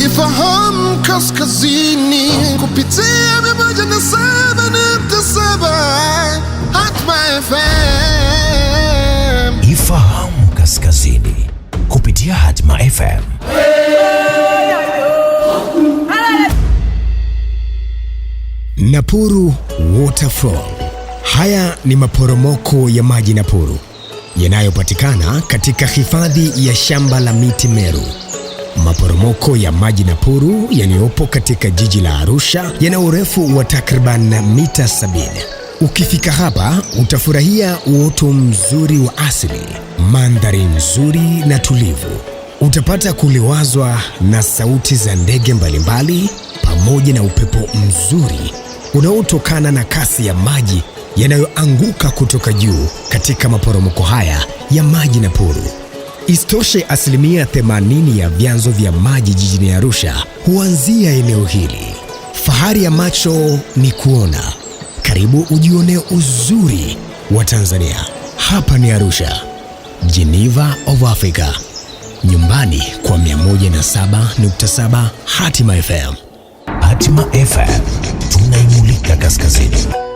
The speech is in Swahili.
Ifahamu kaskazini kupitia mia moja na saba nukta saba Hatma FM. Ifahamu kaskazini kupitia Hatma FM. Napuru Waterfront Haya ni maporomoko ya maji Nakuru yanayopatikana katika hifadhi ya shamba la miti Meru. Maporomoko ya maji Nakuru yaliyopo katika jiji la Arusha yana urefu wa takriban mita 70. Ukifika hapa utafurahia uoto mzuri wa asili, mandhari nzuri na tulivu. Utapata kuliwazwa na sauti za ndege mbalimbali pamoja na upepo mzuri unaotokana na kasi ya maji yanayoanguka kutoka juu katika maporomoko haya ya maji na poru. Isitoshe, asilimia 80 ya vyanzo vya maji jijini Arusha huanzia eneo hili. Fahari ya macho ni kuona. Karibu ujionee uzuri wa Tanzania. Hapa ni Arusha, Geneva of Africa, nyumbani kwa 107.7 Hatima FM. Hatima FM tunaimulika kaskazini.